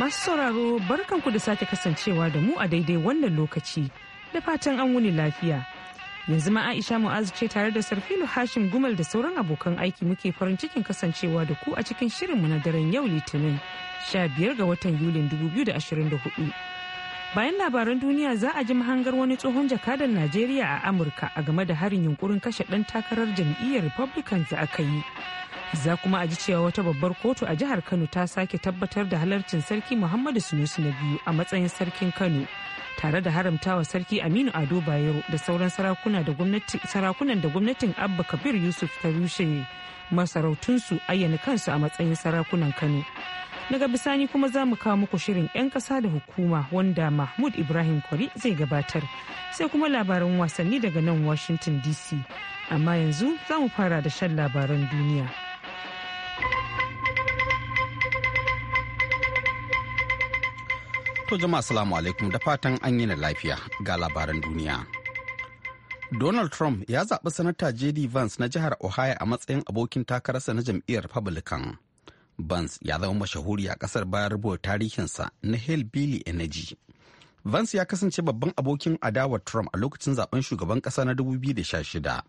Masu sauraro barkanku da sake kasancewa da mu a daidai wannan lokaci da fatan an wuni lafiya. Yanzu ma Aisha Mu'azu ce tare da Sarfilu Hashim Gumal da sauran abokan aiki muke farin cikin kasancewa da ku a cikin shirinmu na daren yau Litinin 15 ga watan Yulin 2024. bayan labaran duniya za a ji mahangar wani tsohon jakadan najeriya a amurka a game da harin yunkurin kashe ɗan takarar jam'iyyar republicans da aka yi za kuma a ji cewa wata babbar kotu a jihar kano ta sake tabbatar da halarcin sarki muhammadu sunusu na biyu a matsayin sarkin kano tare da haramtawa sarki aminu ado bayero da sauran sarakunan da gwamnatin abba kabir yusuf ta rushe masarautunsu ayyana kansu a matsayin sarakunan kano daga bisani kuma za mu kawo muku shirin 'yan kasa da hukuma wanda mahmud ibrahim kwari zai gabatar sai kuma labaran wasanni daga nan washington dc amma yanzu za mu fara da shan labaran duniya. To jama'a salamu alaikum da fatan an yi na lafiya ga labaran duniya. Donald Trump ya zaɓi sanata JD Vance na jihar Ohio a matsayin abokin takararsa na jam'iyyar Republican. Vance ya zama mashahuri a ƙasar bayan rubuta tarihinsa na Hale Billy Energy Vance ya kasance babban abokin adawa Trump a lokacin zaben shugaban kasa na 2016,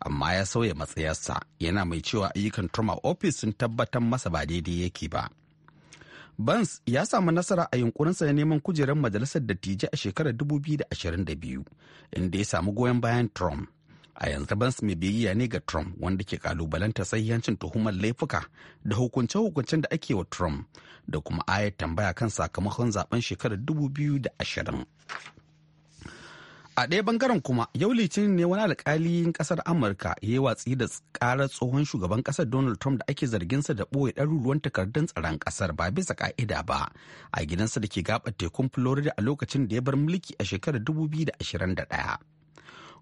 amma ya sauya matsayarsa yana mai cewa ayyukan Trump a ofis sun tabbatar masa ba daidai yake ba. Vance ya samu nasara a yunkurinsa na neman kujerar majalisar dattijai a shekarar 2022, inda ya samu goyon bayan Trump. a yanzu ban su mai biyayya ne ga Trump wanda ke kalubalanta sahihancin tuhumar laifuka da hukunce-hukuncen da ake wa Trump da kuma aya tambaya kan sakamakon zaben shekarar 2020. A ɗaya bangaren kuma yau litinin ne wani alkalin ƙasar Amurka ya yi watsi da ƙarar tsohon shugaban ƙasar Donald Trump da ake zarginsa da ɓoye ɗaruruwan takardun tsaron ƙasar ba bisa ƙa'ida ba a gidansa da ke gaɓar tekun Florida a lokacin da ya bar mulki a shekarar 2021.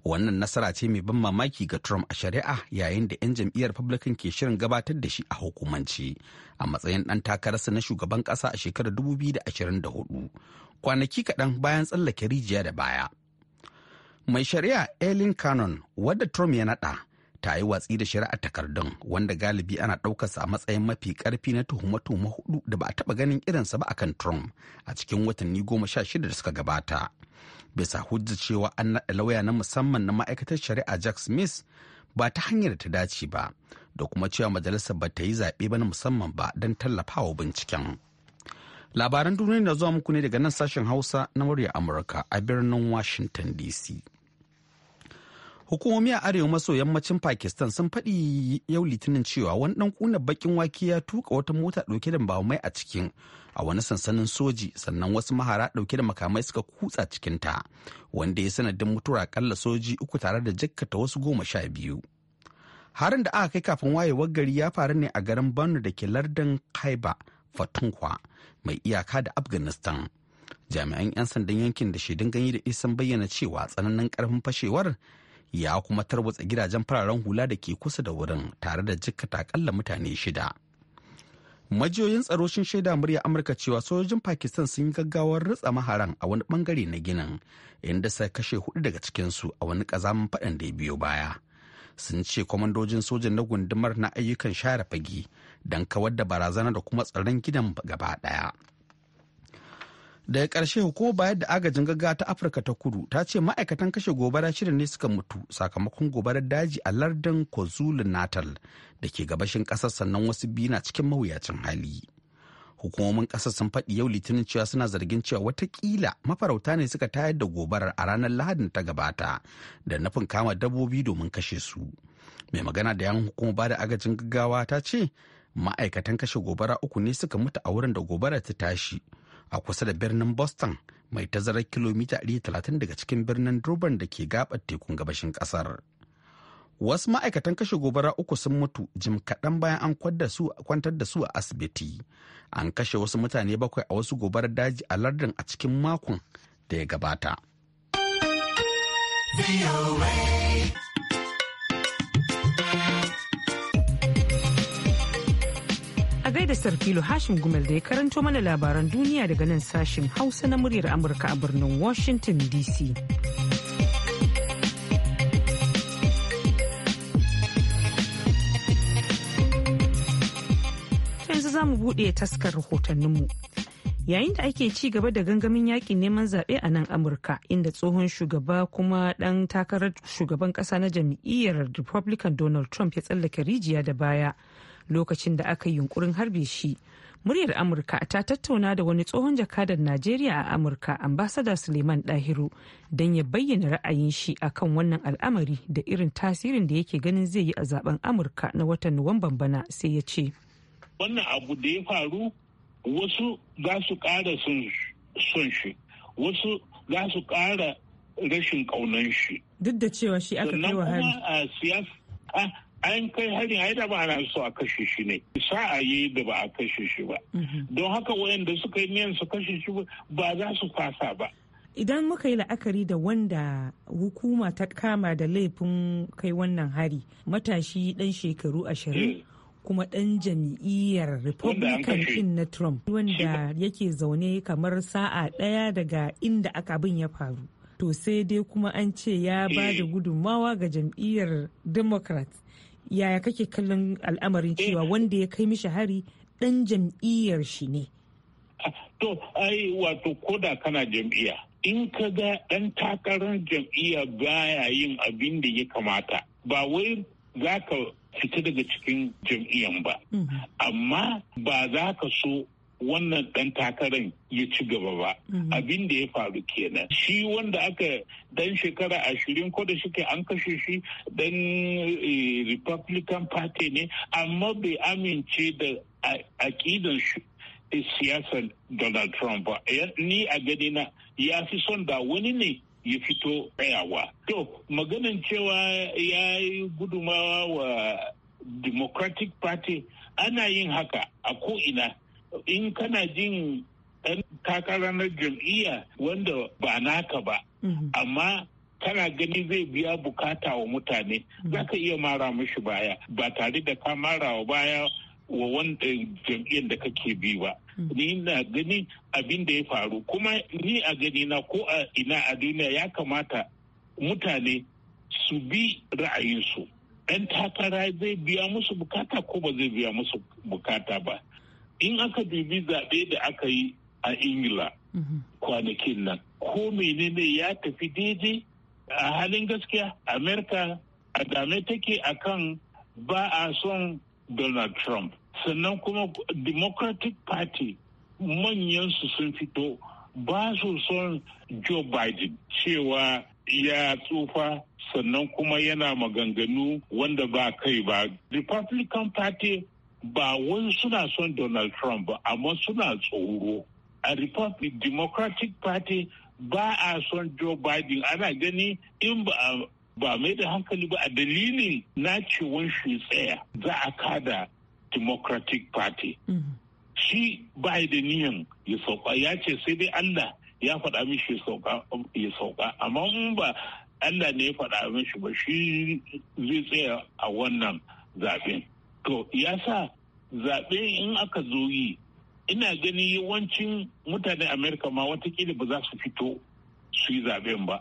wannan nasara ce mai ban mamaki ga trump a shari'a yayin da 'yan jam'iyyar republican ke shirin gabatar da shi a hukumance a matsayin ɗan takararsa na shugaban ƙasa a shekarar 2024 kwanaki kaɗan bayan tsallake rijiya da baya mai shari'a elin Canon, wadda trump ya naɗa ta yi watsi da shari'a takardun wanda galibi ana ɗaukarsa a matsayin mafi ƙarfi na tuhume-tuhume hudu da ba a taɓa ganin irinsa ba akan trump a cikin watanni goma sha shida da suka gabata bisa hujjar cewa an naɗa lauya na musamman na ma'aikatar shari'a jack smith ba ta hanyar ta dace ba da kuma cewa majalisar ba ta yi zaɓe ba na musamman ba don tallafawa binciken labaran duniya na zuwa muku ne daga nan sashen hausa na murya amurka a birnin washington dc hukumomi a arewa maso yammacin pakistan sun faɗi yau litinin cewa wani ɗan kuna bakin wake ya tuka wata mota ɗauke da mai a cikin a wani sansanin soji sannan wasu mahara ɗauke da makamai suka kutsa cikinta wanda ya sanadin mutuwar akalla soji uku tare da jikkata wasu goma sha biyu. Harin da aka kai kafin wayewar gari ya faru ne a garin Borno da ke lardin Kaiba Fatunkwa mai iyaka da Afghanistan. Jami'an 'yan sandan yankin da shaidun ganye da isan bayyana cewa tsananin karfin fashewar ya kuma tarwatsa gidajen fararen hula da ke kusa da wurin tare da jikkata akalla mutane shida. majiyoyin tsaro sun shaida murya amurka cewa sojojin pakistan sun yi gaggawar ritsa maharan a wani bangare na ginin inda sai kashe hudu daga cikinsu a wani kazamin faɗan da ya biyo baya sun ce kwamandojin sojin na gundumar na ayyukan share fagi don kawar da barazana da kuma tsaron gidan gaba daya. daga karshe hukumar bayar da agajin gaggawa ta afirka ta kudu ta ce ma'aikatan kashe gobara shirin ne suka mutu sakamakon gobarar daji a lardin kwazulu natal da ke gabashin kasar sannan wasu biyu na cikin mawuyacin hali hukumomin ƙasar sun faɗi yau litinin cewa suna zargin cewa watakila mafarauta ne suka tayar da gobarar a ranar lahadin ta gabata da nufin kama dabbobi domin kashe su mai magana da yan hukumar bada agajin gaggawa ta ce ma'aikatan kashe gobara uku ne suka mutu a wurin da gobara ta tashi a kusa da birnin Boston mai tazarar kilomita 130 daga cikin birnin Durban da ke gabar tekun gabashin kasar. Wasu ma'aikatan kashe gobara uku sun mutu jim kaɗan bayan an kwantar da su a asibiti. An kashe wasu mutane bakwai a wasu gobarar daji a lardin a cikin makon da ya gabata. a gaida sarfilo hashim gumel da ya karanto mana labaran duniya daga nan sashin hausa na muryar amurka a birnin washington dc yanzu za mu buɗe taskar rahotanninmu yayin da ake ci gaba da gangamin yakin neman zaɓe a nan amurka inda tsohon shugaba kuma ɗan takarar shugaban ƙasa na jam'iyyar republican donald trump ya tsallake rijiya da baya lokacin da aka yi yunkurin harbe shi muryar amurka ta tattauna da wani tsohon jakadar najeriya a amurka ambasada suleiman dahiru don ya bayyana ra'ayin shi akan wannan al'amari da irin tasirin da yake ganin zai yi a zaben amurka na watan nuwamban bana sai ya ce wannan abu da ya faru wasu za su kara son shi wasu za su kara rashin kaunan shi duk da cewa shi aka kai wa hari an kai harin da ba ana so a kashe shi ne a yi da ba a kashe shi ba mhm. don haka wayanda suka yi niyan su kashe shi ba za su fasa ba idan muka yi la'akari da wanda hukuma ta kama da laifin kai wannan hari matashi dan shekaru ashirin eh. kuma dan jam'iyyar republican din na trump wanda yake zaune kamar sa'a daya daga inda aka bin ya faru to sai dai kuma an ce ya ba da eh. gudunmawa ga jam'iyyar democrat yaya kake kallon al'amarin eh. cewa wanda ya kai mishi hari dan jam'iyyar shi ne to ai wato koda kana jam'iyya in ka ga dan takarar jam'iyya baya yin abin da ya kamata ba wai za ka fita daga cikin jam'iyyan ba mm-hmm. amma ba za ka so wannan ɗan takarar ya ci gaba ba mhm. abin da ya faru kenan shi wanda aka dan shekara ashirin ko da shike an kashe shi dan eh, republican party ne amma bai amince da aƙidan eh, siyasar donald trump ba ni a gani na ya fi son da wani ne ya fito tsayawa to maganin cewa ya yi gudumawa wa democratic party ana yin haka a ko'ina in kana jin ɗan takara na jam'iyya wanda ba naka ba mhm. amma kana gani zai biya bukata wa mutane mhm. za ka iya mara mashi baya ba tare da ka mara wa baya wa wanda jam'iyyar da kake bi ba mhm. ni na gani abin da ya faru kuma ni a gani na ko a ina a duniya ya kamata mutane su bi ra'ayinsu ɗan takara zai biya musu bukata ko ba zai biya musu bukata ba in aka dubi zaɓe da aka yi a ingila kwanakin nan ko menene ya tafi daidai a halin gaskiya amerika a dame take akan ba a son donald trump sannan kuma democratic party manyan su sun fito ba su son joe biden cewa ya tsufa sannan kuma yana maganganu wanda ba kai ba republican party ba wai suna son donald trump ba amma suna tsoro a republic democratic party ba a son joe biden ana gani in ba ba mai da hankali ba a dalilin nacewan shi tsaya za a kada democratic party mm-hmm. shi ba da niyan ya sauka ya ce sai dai allah ya faɗa mishi ya sauka amma in ba allah ne ya faɗa mishi ba shi zai tsaya a wannan zaɓen to ya sa zaɓe in aka zo yi ina gani yawancin mutanen amerika ma watakila ba za su fito su yi zaɓen ba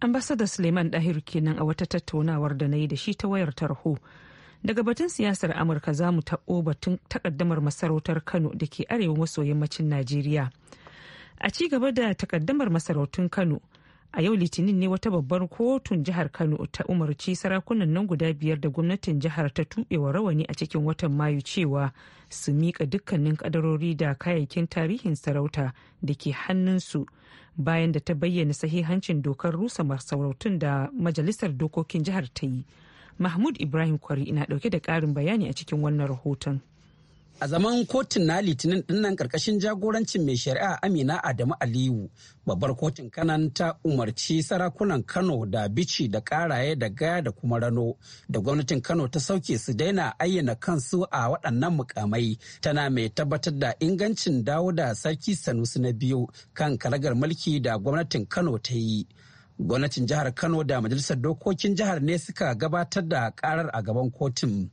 ambassador suleiman dahir kenan a wata tattaunawar da na yi da shi ta wayar tarho daga batun siyasar amurka za mu taɓo batun takaddamar masarautar kano da ke arewa maso yammacin najeriya a ci gaba da takaddamar masarautun kano a yau litinin ne wata babbar kotun jihar kano ta umarci sarakunan nan guda biyar da gwamnatin jihar ta tuɓewa rawani a cikin watan mayu cewa su miƙa dukkanin kadarori da kayayyakin tarihin sarauta da ke hannunsu bayan da ta bayyana sahihancin dokar rusa masarautun da majalisar dokokin jihar ta yi mahmud ibrahim kwari ina ɗauke da ƙarin bayani a cikin wannan rahoton. a zaman kotun na litinin dinnan karkashin jagorancin mai shari'a amina adamu aliyu babbar kotun kanan ta umarci sarakunan kano da bici da karaye da gaya da kuma rano da gwamnatin kano ta sauke su daina ayyana kansu a waɗannan mukamai tana mai tabbatar da ingancin dawo da sarki sanusi na biyu kan karagar mulki da gwamnatin kano ta yi gwamnatin jihar kano da majalisar dokokin jihar ne suka gabatar da karar a gaban kotun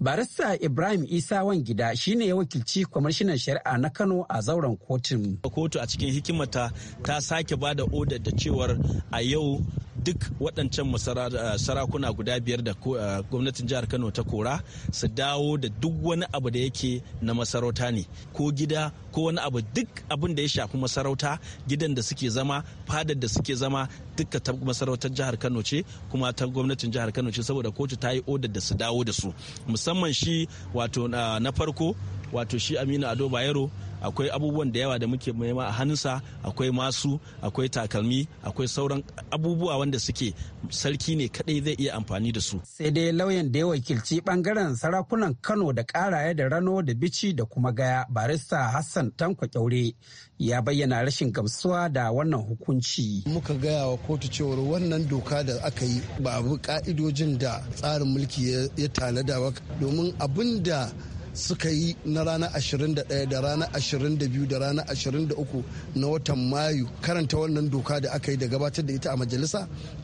barista ibrahim isa wangida shine ya wakilci kwamishinan shari'a na kano a zauren kotun kotu a cikin hikimata ta sake ba da odar da cewar a yau duk waɗancan eh, sarakuna guda biyar da eh, gwamnatin jihar kano ta kora su dawo da duk wani abu da yake na masarauta ne ko gida ko wani abu duk abin da ya shafi masarauta gidan da suke zama fadar da suke zama duka ta masarautar jihar kano ce kuma ta gwamnatin jihar kano ce saboda kotu ta yi odar da su dawo da su musamman shi wato eh, na farko wato shi aminu ado bayero akwai abubuwan da yawa da muke nema a hannunsa akwai masu akwai takalmi akwai sauran abubuwa wanda suke sarki ne kadai zai iya amfani da su sai dai lauyan da ya wakilci bangaren sarakunan kano da karaye da rano da bici da kuma gaya barista hassan tanko kyaure ya bayyana rashin gamsuwa da wannan hukunci muka gaya wa kotu cewar wannan doka da aka yi ba ka'idojin da tsarin mulki ya tanada ba domin abin da suka yi na rana 21 da ranar 22 da ranar 23 na watan mayu karanta wannan doka da aka yi da gabatar da ita a majalisa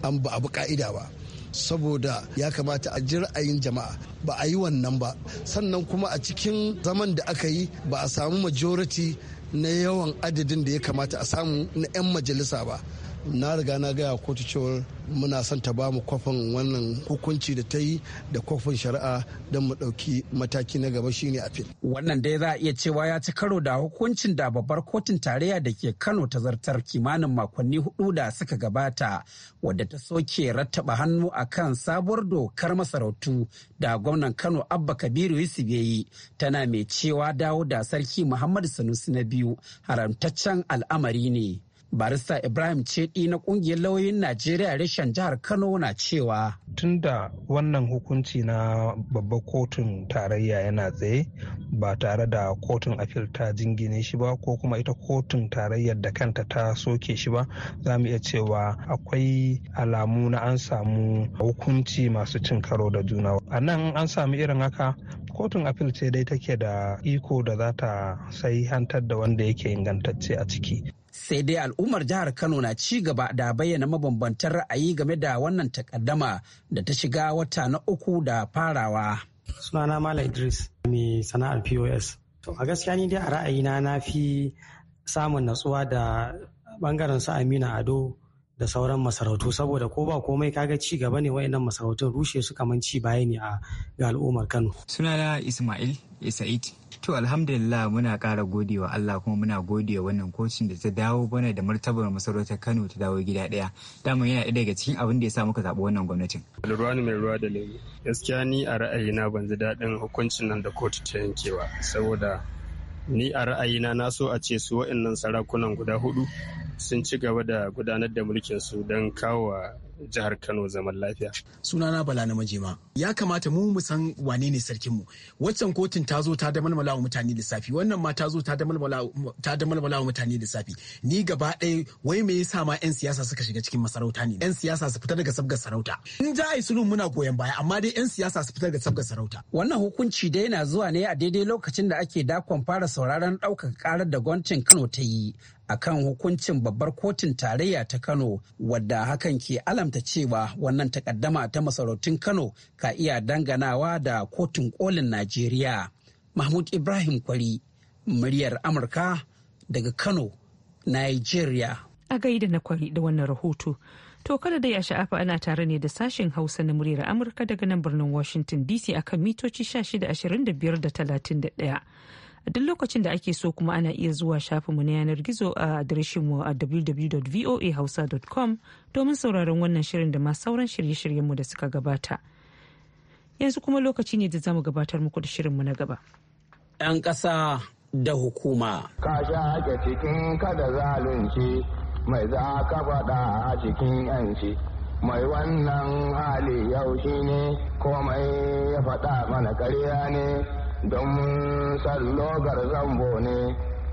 an ba abu ka'ida ba saboda ya kamata a ji ra'ayin jama'a ba a yi wannan ba sannan kuma a cikin zaman da aka yi ba a samu majority na yawan adadin da ya kamata a samu na 'yan majalisa ba na riga na gaya kotu cewar muna son ta bamu kwafin wannan hukunci da ta yi da kwafin shari'a don mu ɗauki mataki na gaba shine fil. Wannan dai za a iya cewa ya ci karo da hukuncin da babbar kotun tarayya da ke Kano ta zartar kimanin makonni hudu da suka gabata wadda ta soke rattaba hannu a kan sabuwar dokar masarautu da gwamnan Kano Abba Kabiru Yusuf ya yi tana mai cewa dawo da sarki Muhammadu Sanusi na biyu haramtaccen al'amari ne. barista ibrahim cedi na kungiyar lauyoyin najeriya reshen jihar kano na cewa tun da wannan hukunci na babbar kotun tarayya yana tsaye ba tare da kotun afil ta jingine shi ba ko kuma ita kotun tarayyar da kanta ta soke shi ba za mu iya cewa akwai alamu na an samu hukunci masu cin karo da juna a nan an samu irin haka kotun afil ce dai take da iko da za ta sai hantar da wanda yake ingantacce a ciki sai dai al'ummar jihar kano na ci gaba da bayyana mabambantan ra'ayi game da wannan takaddama da ta shiga wata na uku da farawa sunana mala idris mai sana'ar pos to a gaskiya ni dai a ra'ayina na fi samun natsuwa da bangaren su amina ado da sauran masarautu saboda ko ba komai kaga ci gaba ne wayannan masarautun rushe su kaman ci baya ne a ga al'ummar kano sunana ismail sa'id To alhamdulillah muna ƙara godewa Allah kuma muna godewa wannan kocin da ta dawo bana da martabar masarautar Kano ta dawo gida ɗaya. Dama yana ɗaya daga cikin abin da ya sa muka zaɓi wannan gwamnatin. Alruwani mai ruwa da lemu. Gaskiya ni a ra'ayina ban ji daɗin hukuncin nan da kotu ta yankewa saboda ni a ra'ayina na so a ce su waɗannan sarakunan guda hudu sun ci gaba da gudanar da mulkin su don kawo jihar Kano zaman lafiya. Sunana Bala na Majema. Ya kamata mu mu san wane ne sarkin mu. Waccan kotun ta zo ta damalmala wa mutane lissafi, wannan ma ta zo ta damalmala wa mutane lissafi. Ni gaba ɗaya wai me yasa ma 'yan siyasa suka shiga cikin masarauta ne. 'Yan siyasa su fita daga sabgar sarauta. In za a yi sulhu muna goyon baya, amma dai 'yan siyasa su fita daga sabgar sarauta. Wannan hukunci dai yana zuwa ne a daidai lokacin da ake dakon fara sauraron ɗaukar ƙarar da gwamnatin Kano ta yi a kan hukuncin babbar kotun tarayya ta Kano wadda hakan ke alamta cewa wannan takaddama ta masarautun Kano ka iya danganawa da kotun kolin Najeriya. Mahmud Ibrahim Kwari, muryar Amurka daga Kano, Nigeria. A gaida na kwari da wannan rahoto. To kada dai a sha'afa ana tare ne da sashen Hausa na muryar Amurka daga nan birnin Washington DC akan mitoci 1625 da 31. duk lokacin da ake so kuma ana iya zuwa shafinmu na yanar gizo a adireshinmu a www.voahausa.com domin sauraron wannan shirin da ma sauran shirye-shiryenmu da suka gabata yanzu kuma lokaci ne da zamu gabatar muku da shirinmu na gaba 'yan kasa da hukuma ka sha ake cikin kada zalunci mai za ka faɗa a cikin 'yanci mai wannan hali yau shi ne komai ya faɗa mana karya ne don sallogar zambo ne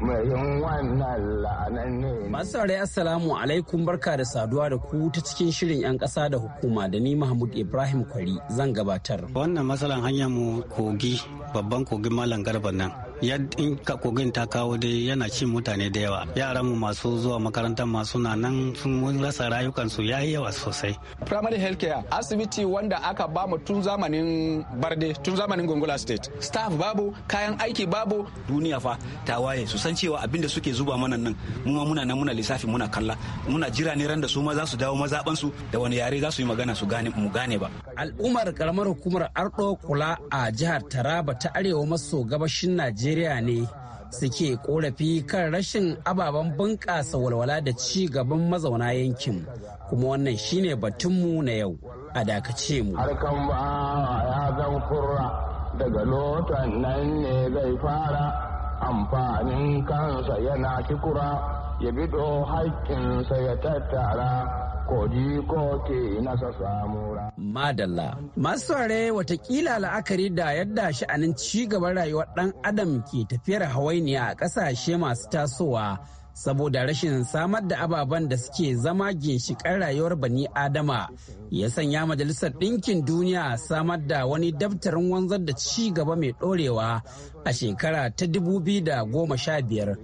mayin wannan la'anan ne. Masu saurari Assalamu alaikum barka da saduwa da ku ta cikin shirin 'yan kasa da hukuma da ni Mahmud Ibrahim Kwari zan gabatar. Wannan matsalan hanyar mu kogi babban kogin Malam Garba nan in ka kogin ta kawo dai yana cin mutane da yawa yaran mu masu zuwa makarantar masu na nan sun rasa rayukansu ya yi yawa sosai primary health care asibiti wanda aka ba mu tun zamanin barde tun zamanin gongola state staff babu kayan aiki babu duniya fa ta waye su san cewa abinda suke zuba mana nan mu ma muna nan muna lissafi muna kalla muna jira ne ran da su ma za su dawo mazaban su da wani yare za su yi magana su gane mu gane ba al'ummar karamar hukumar ardo kula a jihar taraba ta arewa maso gabashin najeriya najeriya ne suke korafi kan rashin ababen bunƙasa walwala da ci gaban mazauna yankin kuma wannan shine batunmu na yau a dakace mu harkan ba ya zan kurra daga lotan nan ne zai fara amfanin kansa yana kikura ya bido haƙƙinsa ya tattara Madalla. Masu ware watakila la'akari da yadda sha'anin gaban rayuwar ɗan adam ke tafiyar hawainiya a ƙasashe masu tasowa saboda rashin samar da ababen da suke zama ginshiƙar rayuwar bani adama ya sanya majalisar ɗinkin duniya samar da wani daftarin wanzar da ci gaba mai ɗorewa a shekara ta 2015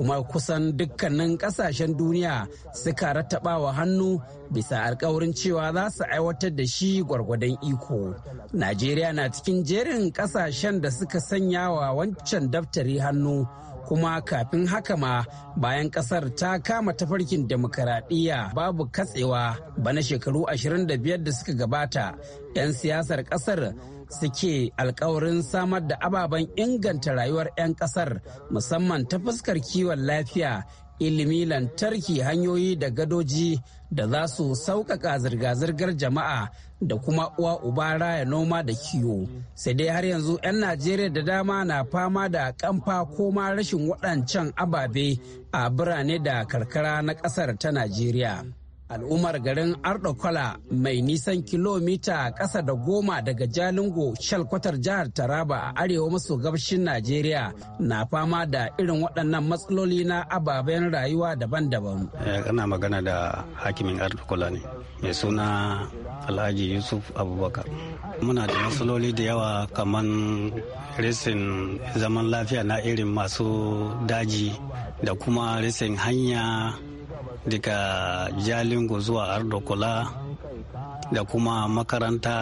kuma kusan dukkanin kasashen duniya suka rattabawa hannu bisa alkawarin cewa za su aiwatar da shi gwargwadon iko najeriya na cikin jerin kasashen da suka sanya wa wancan daftari hannu kuma kafin haka ma bayan kasar ta kama tafarkin demokaradiyya babu katsewa bana shekaru 25 da suka gabata 'yan siyasar kasar suke alkawarin samar da ababen inganta rayuwar 'yan kasar musamman ta fuskar kiwon lafiya ilimi lantarki hanyoyi da gadoji da za su sauƙaƙa zirga-zirgar jama'a da kuma uwa uba raya noma da kiwo sai dai har yanzu 'yan najeriya da dama na fama da kamfa ko ma rashin waɗancan ababe a birane da karkara na ƙasar ta najeriya al'ummar garin ardokola mai nisan kilomita ƙasa da goma daga jalingo shalkwatar jihar taraba a arewa maso gabashin najeriya na fama da irin waɗannan matsaloli na ababen rayuwa daban-daban eh, kana magana da hakimin ardokola ne mai suna alhaji yusuf abubakar muna da matsaloli da yawa kamar resin zaman lafiya na irin masu daji da kuma resin hanya daga jalingo zuwa ardokola da kuma makaranta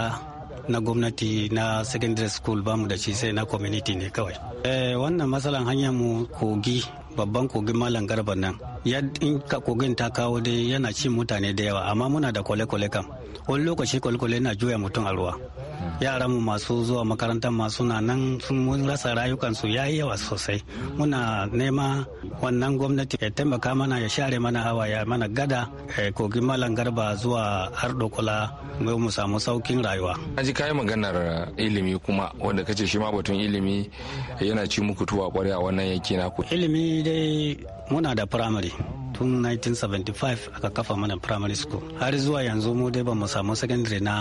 na gwamnati na secondary school bamu da shi sai na community ne kawai eh, wannan matsalan hanyar mu kogi babban kogin malam garba nan ya in ka kogin ta kawo dai yana cin mutane da yawa amma muna da kwale-kwale kam wani lokaci kwale-kwale na juya mutum a ruwa yara mu masu zuwa makarantar masu na nan sun rasa rayukansu ya yi yawa sosai muna nema wannan gwamnati ya taimaka mana ya share mana hawa ya mana gada eh, kogin malam garba zuwa har dokula mai mu samu saukin rayuwa an ji kayi maganar ilimi kuma wanda kace shi ma batun ilimi yana ci muku tuwa a wannan yanki naku ilimi dai muna da firamare tun 1975 aka kafa mana primary school har zuwa yanzu mu dai ba mu samu secondary na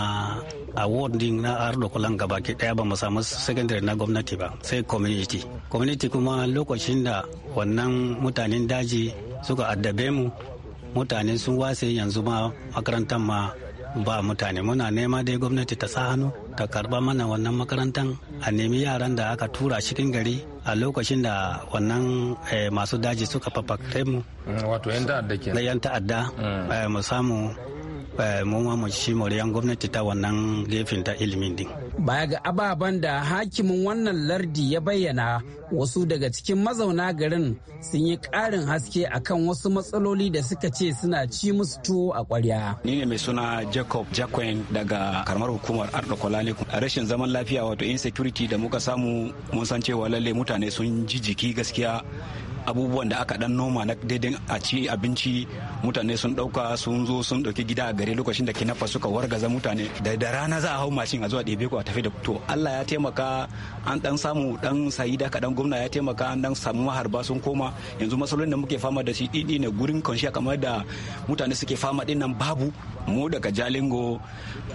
award din na ardo kulan gaba ke daya ba mu samu secondary na gwamnati ba sai community community kuma lokacin da wannan mutanen daji suka addabe mu mutane sun wase yanzu ma makarantar ma ba mutane muna nema dai gwamnati ta sa hannu ta karba mana wannan makarantar a nemi yaran da aka tura cikin gari a lokacin da wannan eh, masu daji suka fafakare mu mm, wato yan ta'adda ke yan ta'adda mm. eh, mu samu eh, mu ma mu ci moriyan gwamnati ta wannan gefen ta ilimin din baya ga ababen da hakimin wannan lardi ya bayyana wasu daga cikin mazauna garin sun yi karin haske akan wasu matsaloli da suka ce suna ci musu tuwo a kwarya. ni ne mai suna jacob jacquin daga karamar hukumar arɗa a rashin zaman lafiya wato insecurity da muka samu mun san cewa lalle mutane sun ji jiki gaskiya abubuwan da aka dan noma na daidai a ci abinci mutane sun dauka sun zo sun dauki gida a gari lokacin da kinafa suka wargaza mutane da da rana za a hau mashin a zuwa ɗebe ko a tafi da to Allah ya taimaka an dan samu dan sayida kaɗan gwamna ya taimaka an dan samu maharba sun koma yanzu masalolin da muke fama da shi ɗiɗi ne gurin kwanciya kamar da mutane suke fama ɗin nan babu mu daga jalingo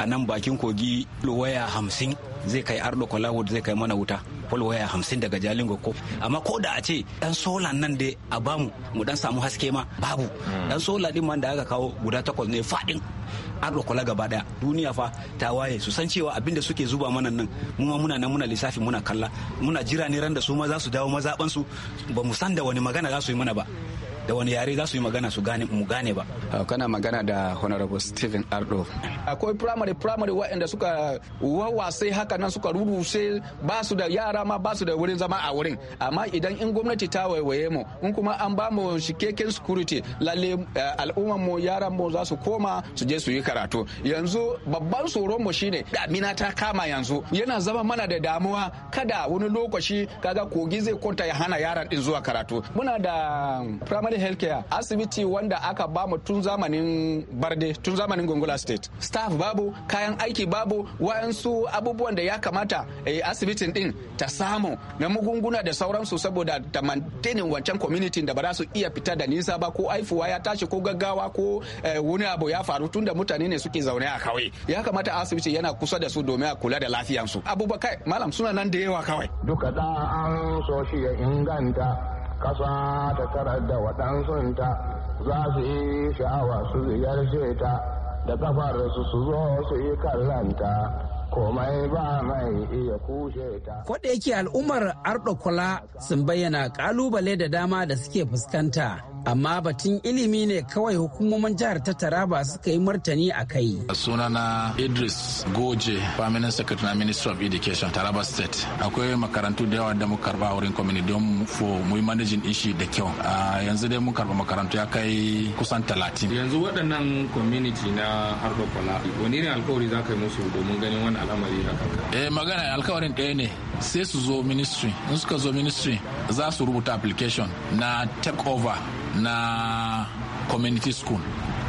a nan bakin kogi waya hamsin zai kai ardo kolahud zai kai mana wuta polwaya hamsin daga jalingo ko amma ko da a ce dan sola nan dai a bamu mu dan samu haske ma babu dan hmm. sola din man da aka kawo guda takwas ne fadin arɗokola gaba daya duniya fa ta waye su san cewa abinda suke zuba mana nan mu ma muna nan muna lissafi muna kalla muna jira ne ran da su ma za su dawo mazaban su ba mu san da wani magana za su yi mana ba da wani yare za su yi magana su gane mu gane ba ah, kana magana da honorable stephen ardo akwai primary primary waɗanda suka wawwasai haka nan suka rurushe ba su da yara ma ba su da wurin zama a wurin amma idan in gwamnati ta waiwaye mu in kuma an ba mu shikeken security lalle eh, al'umman mu yaran mu za su koma su je su yi karatu yanzu babban tsoron mu shine damina ta kama yanzu yana zama mana da damuwa kada wani lokaci kaga kogi zai kwanta ya hana yaran din zuwa karatu muna da primary health healthcare asibiti wanda aka bamu tun zamanin barde tun zamanin gongola state staff babu kayan aiki babu wayansu abubuwan da ya kamata eh, asibitin din ta samu na magunguna da sauransu saboda da mantenin wancan community da ba su iya fita da nisa ba ko aifuwa ya tashi ko gaggawa ko eh, wani abu ya faru tun da mutane ne suke zaune a kauye ya kamata asibiti yana kusa da su domin a kula da lafiyansu abubakar malam suna nan da yawa kawai duka da an so ya inganta ƙasa ta tarar da waɗansunta za su yi sha'awa su ziyarce ta da kafar su su zo su yi kallanta komai ba mai iya kushe ta. Kwaɗe al'ummar Arɗo Kula sun bayyana ƙalubale da dama da suke fuskanta amma batun ilimi ne kawai hukumomin jihar ta taraba suka yi martani a kai sunana idris goje permanent secretary na ministry of education taraba state akwai makarantu da yawa da muka karba a wurin community don mu muyi managing ishi da kyau yanzu dai mun karba makarantu ya kai kusan talatin yanzu waɗannan community na harba kwala wani ne alkawari za ka yi musu domin ganin wani al'amari haka eh magana alkawarin ɗaya ne sai su zo ministry in suka zo ministry za su rubuta application na take over na community school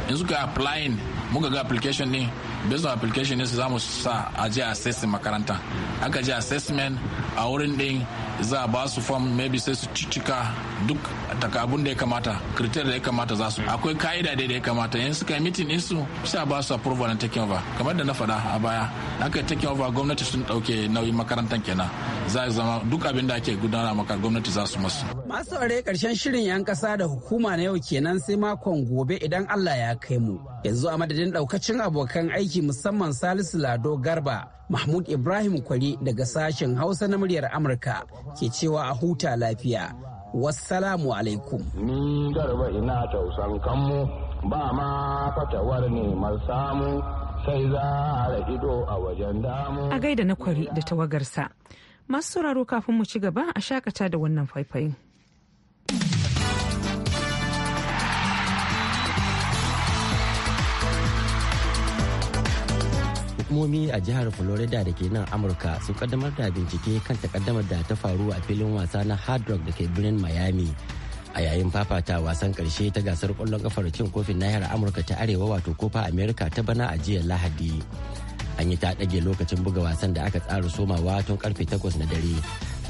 in suka applying muka ga application ne based on application ne su za mu sa a je assessment makaranta aka je assessment a wurin din za a ba su form maybe sai su cicika duk takabun da ya kamata kriteria da ya kamata za su akwai ka'ida da ya kamata in suka yi meeting din su sai a ba su approval na taking over kamar da na faɗa a baya aka yi taking over gwamnati sun ɗauke nauyin makarantar kenan za a zama duk abin da ake gudanar maka gwamnati za su masu. masu ware karshen shirin yan kasa da hukuma na yau kenan sai makon gobe idan Allah ya kai mu yanzu a madadin daukacin abokan aiki musamman Salisu Lado Garba Mahmud Ibrahim Kwari daga sashen Hausa na muryar Amurka ke cewa a huta lafiya. Wassalamu alaikum. Ni garba ina tausan kanmu ba ma fatawar ne samu sai za a ido a wajen damu. A gaida na kwari da tawagarsa. Masu sauraro kafin mu ci gaba a shakata da wannan faifayin. hukumomi a jihar florida da ke nan amurka sun kaddamar da bincike kan takaddamar da ta faru a filin wasa na hard rock da ke birnin miami a yayin fafata wasan karshe ta gasar kwallon kafar cin kofin nahiyar amurka ta arewa wato kofa america ta bana a jiya lahadi an yi ta ɗage lokacin buga wasan da aka tsara somawa tun karfe 8 na dare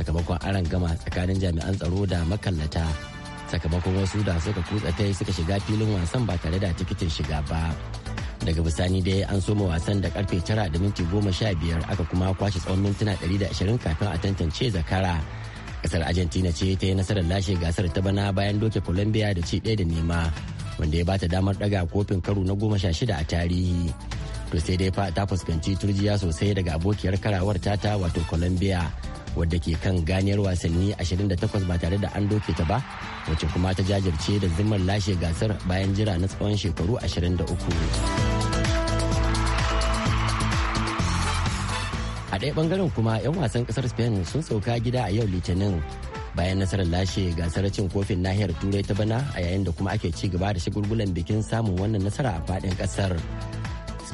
sakamakon aran gama tsakanin jami'an tsaro da makallata sakamakon wasu da suka kutsa ta suka shiga filin wasan ba tare da tikitin shiga ba daga bisani dai an soma wasan da karfe tara da minti goma sha biyar aka kuma kwashe tsawon mintuna 120 kafin a tantance zakara kasar argentina ce ta yi nasarar lashe gasar ta bana bayan doke colombia da ci ɗaya da nema wanda ya bata damar daga kofin karu na goma sha shida a tarihi to sai dai ta fuskanci turjiya sosai daga abokiyar karawar tata wato colombia wadda ke kan ganiyar wasanni 28 ba tare da an doke ta ba wacce kuma ta jajirce da zimar lashe gasar bayan jira na tsawon shekaru 23 a ɗaya ɓangaren kuma 'yan wasan ƙasar spain sun sauka gida a yau litinin bayan nasarar lashe gasar cin kofin nahiyar turai ta bana a yayin da kuma ake ci gaba da shagulgulan bikin samun wannan nasara a faɗin ƙasar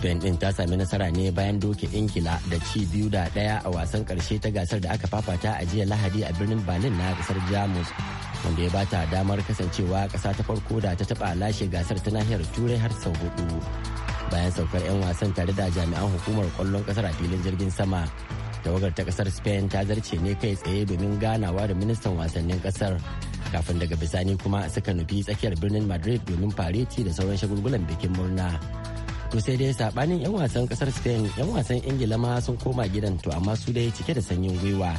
spain din ta sami nasara ne bayan doke ingila da ci biyu da daya a wasan karshe ta gasar da aka fafata a jiya lahadi a birnin berlin na kasar jamus wanda ya bata damar kasancewa kasa ta farko da ta taba lashe gasar ta nahiyar turai har sau hudu bayan saukar 'yan wasan tare da jami'an hukumar kwallon kasar a filin jirgin sama tawagar ta kasar spain ta zarce ne kai tsaye domin ganawa da ministan wasannin kasar kafin daga bisani kuma suka nufi tsakiyar birnin madrid domin fareti da sauran shagulgulan bikin murna to sai dai sabanin yan wasan kasar spain yan wasan ingila ma sun koma gidan to amma su dai cike da sanyin gwiwa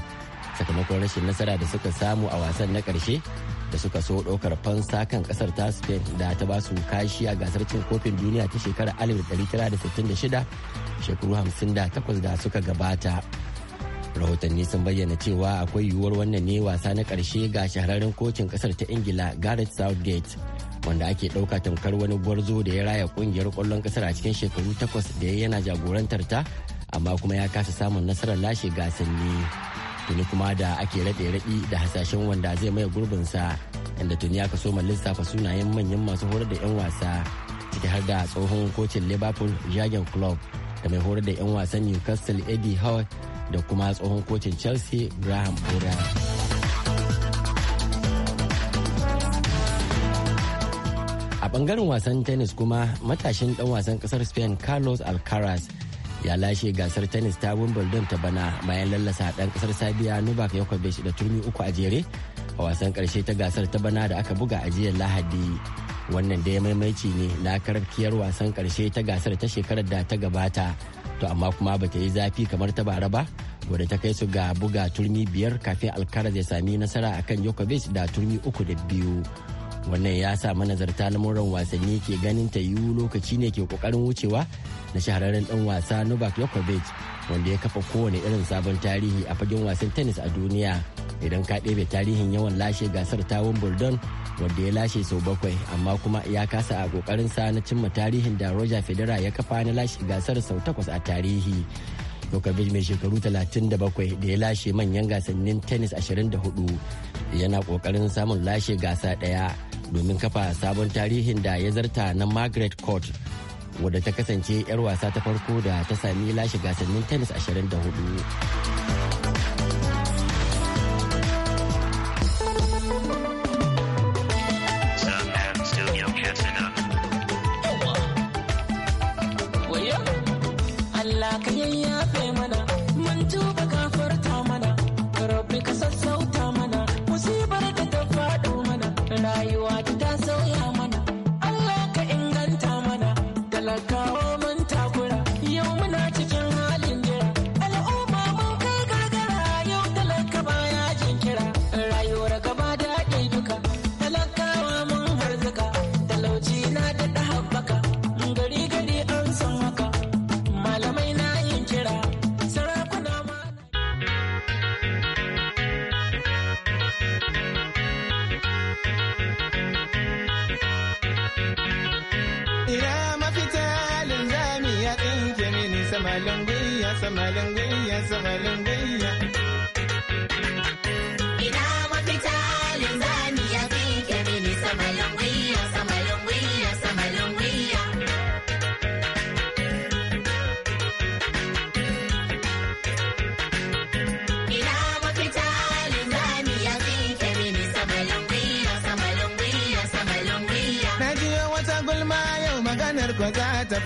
sakamakon rashin nasara da suka samu a wasan na karshe da suka so ɗaukar fansa kan kasar ta spain da ta ba su kashi a gasar cin kofin duniya ta shekarar 1966 shekaru 58 da suka gabata rahotanni sun bayyana cewa akwai yiwuwar wannan ne wasa na karshe ga shahararren kocin kasar ta ingila gareth southgate wanda ake ɗauka tamkar wani gwarzo da ya raya ƙungiyar ƙwallon ƙasar a cikin shekaru takwas da ya yana jagorantar ta amma kuma ya kasa samun nasarar lashe gasanni tuni kuma da ake raɗe raɗi da hasashen wanda zai maye gurbinsa inda tuni aka soma lissafa sunayen manyan masu horar da 'yan wasa ciki har da tsohon kocin liverpool jagen club da mai horar da 'yan wasan newcastle eddie howard da kuma tsohon kocin chelsea graham Potter. bangaren wasan tennis kuma matashin dan wasan kasar spain carlos alcaraz ya lashe gasar tennis ta wimbledon ta bana bayan lallasa dan kasar sabiya novak yakovic da turmi uku a jere a wasan karshe ta gasar ta bana da aka buga a jiya lahadi wannan da ya maimaici ne na karkiyar wasan karshe ta gasar ta shekarar da ta gabata to amma kuma bata yi zafi kamar ta bara ba wadda ta kai su ga buga turmi biyar kafin alcaraz ya sami nasara akan yakovic da turmi uku da biyu wannan ya sa manazarta lamuran wasanni ke ganin ta yiwu lokaci ne ke kokarin wucewa na shahararren dan wasa novak yokovic wanda ya kafa kowane irin sabon tarihi a fagen wasan tennis a duniya idan ka ɗebe tarihin yawan lashe gasar ta wimbledon wanda ya lashe sau bakwai amma kuma ya kasa a kokarin sa na cimma tarihin da roger federer ya kafa na lashe gasar sau takwas a tarihi Djokovic mai shekaru 37 da ya lashe manyan gasannin tennis 24 yana kokarin samun lashe gasa ɗaya domin kafa sabon tarihin da ya zarta na margaret court wadda ta kasance 'yar wasa ta farko da ta sami lashe gasannin tennis 24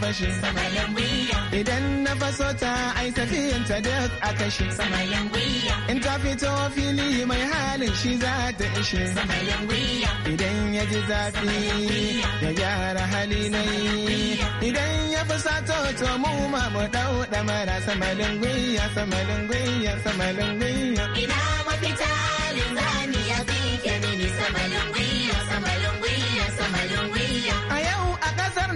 fashe idan na faso ta ai safiyan ta duk a kashe in ta fito fili mai halin shi za ta ishe idan ya ji zafi ya gyara hali na yi idan ya fi sato to mu ma mu dau damara samalin gwiya samalin gwiya samalin gwiya ina mafita linzani ya fi kemini samalin gwiya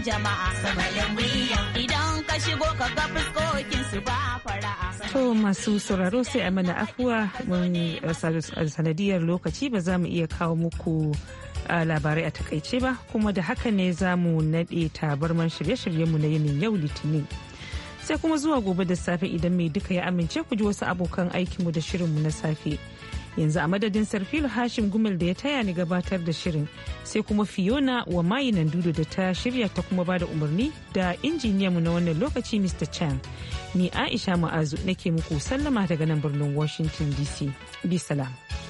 Idan ka shigo ka su ba fara'a. To masu sauraro sai a mana afuwa mun sanadiyar lokaci ba za mu iya kawo muku labarai a takaice ba kuma da haka ne za mu naɗe tabarman shirye-shiryenmu na yinin yau litinin. Sai kuma zuwa gobe da safe idan mai duka ya amince ku ji wasu abokan aikinmu da shirinmu na safe. yanzu a madadin sarfilu hashim gumel da ya taya ni gabatar da shirin sai kuma fiona wa mayinan dudu da ta shirya ta kuma bada umarni da injiniyanmu na wannan lokaci mr chan ni aisha ma'azu nake muku sallama daga nan birnin washington dc bisalam